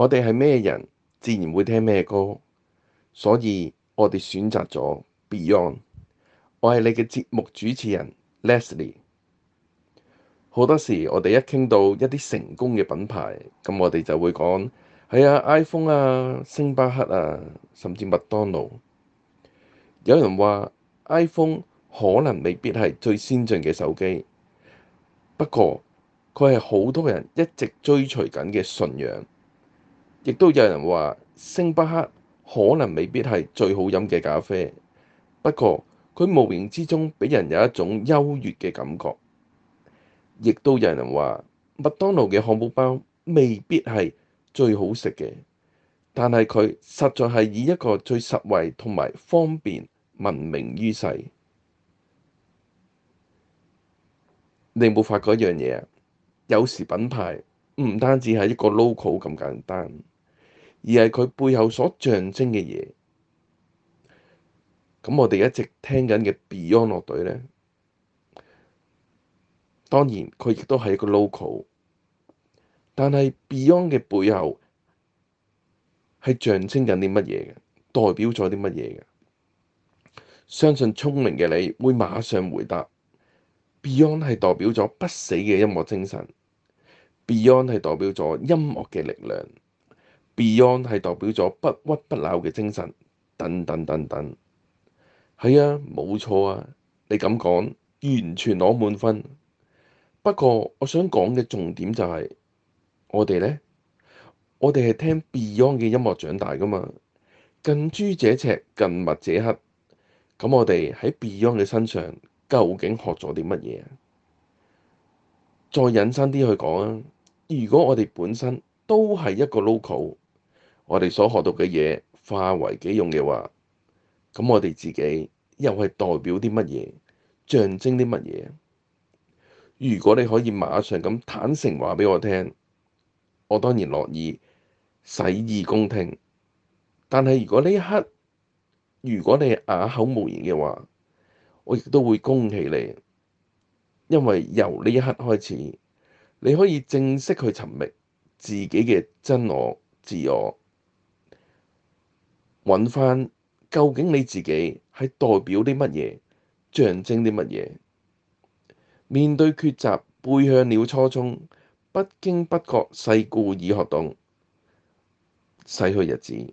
我哋係咩人，自然會聽咩歌，所以我哋選擇咗 Beyond。我係你嘅節目主持人 Leslie。好多時，我哋一傾到一啲成功嘅品牌，咁我哋就會講係啊 iPhone 啊、星巴克啊，甚至麥當勞。有人話 iPhone 可能未必係最先進嘅手機，不過佢係好多人一直追隨緊嘅信仰。亦都有人話星巴克可能未必係最好飲嘅咖啡，不過佢無形之中俾人有一種優越嘅感覺。亦都有人話麥當勞嘅漢堡包未必係最好食嘅，但係佢實在係以一個最實惠同埋方便聞名於世。你有冇發覺一樣嘢？有時品牌唔單止係一個 local 咁簡單。而係佢背後所象徵嘅嘢，咁我哋一直聽緊嘅 Beyond 樂隊呢，當然佢亦都係一個 local，但係 Beyond 嘅背後係象徵緊啲乜嘢嘅？代表咗啲乜嘢嘅？相信聰明嘅你會馬上回答：Beyond 係代表咗不死嘅音樂精神，Beyond 係代表咗音樂嘅力量。Beyond 係代表咗不屈不撓嘅精神，等等等等，係啊，冇錯啊，你咁講，完全攞滿分。不過我想講嘅重點就係：我哋呢，我哋係聽 Beyond 嘅音樂長大噶嘛，近朱者赤，近墨者黑。咁我哋喺 Beyond 嘅身上究竟學咗啲乜嘢？再引申啲去講啊，如果我哋本身都係一個 local。我哋所學到嘅嘢化為己用嘅話，咁我哋自己又係代表啲乜嘢？象徵啲乜嘢？如果你可以馬上咁坦誠話畀我聽，我當然樂意洗耳恭聽。但係如果呢一刻如果你啞口無言嘅話，我亦都會恭喜你，因為由呢一刻開始，你可以正式去尋覓自己嘅真我、自我。搵返究竟你自己係代表啲乜嘢？象徵啲乜嘢？面對抉擇，背向了初衷，不經不覺世故已學懂逝去日子。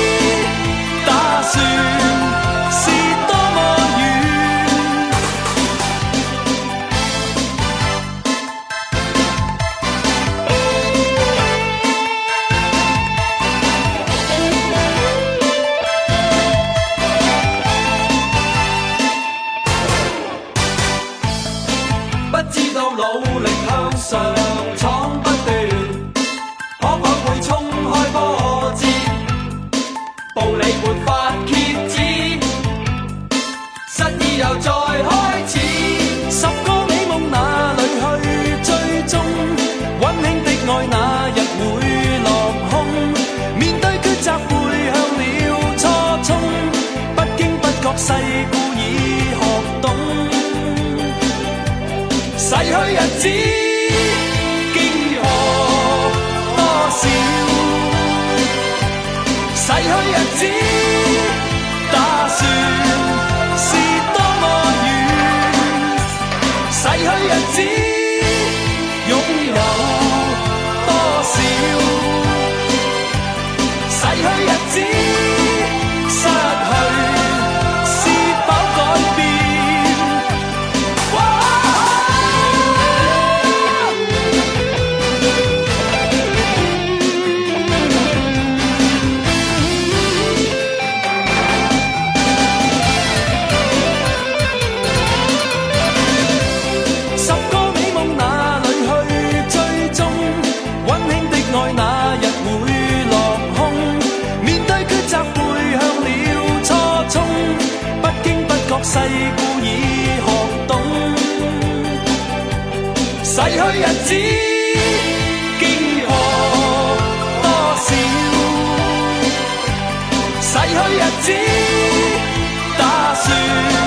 世故已學懂，逝去日子驚愕多少，逝去日子。逝去日子，經過多少？逝去日子，打算。